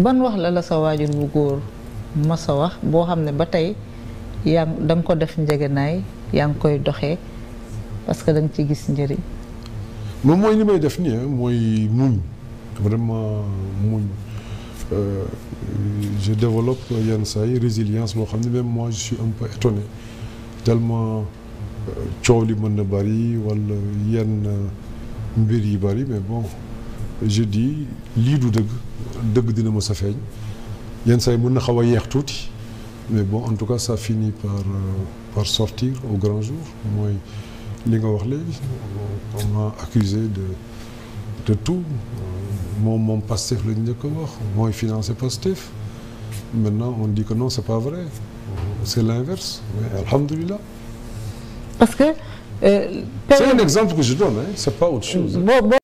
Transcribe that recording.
ban wax la la sa waajur bu góor ma sa wax boo xam ne ba tey yaa da nga ko def njëgënaay yaa ngi koy doxee parce que da ci gis njëriñ. moom mooy li may def nii ah, mooy muñ vraiment muñ euh, je développe yenn saa résilience boo xam ne même moi je suis un peu étonné euh, coow li mën na bari walla yenn euh, mbir yi bari mais bon je dis lii du dëgg dëgg dina mës a feeñ yenn saa yi na xaw a yeex tuuti mais bon en tout cas sa fini par euh, par sortir au grand jour mooy li nga wax léegi on m'a de tout moom moom Pastef la ñu njëkk a wax mooy financé Pastef maintenant on dit que non c'est pas vrai c'est l'inverse alhamdulillah parce que euh, c'est un exemple que je donne c'est pas autre chose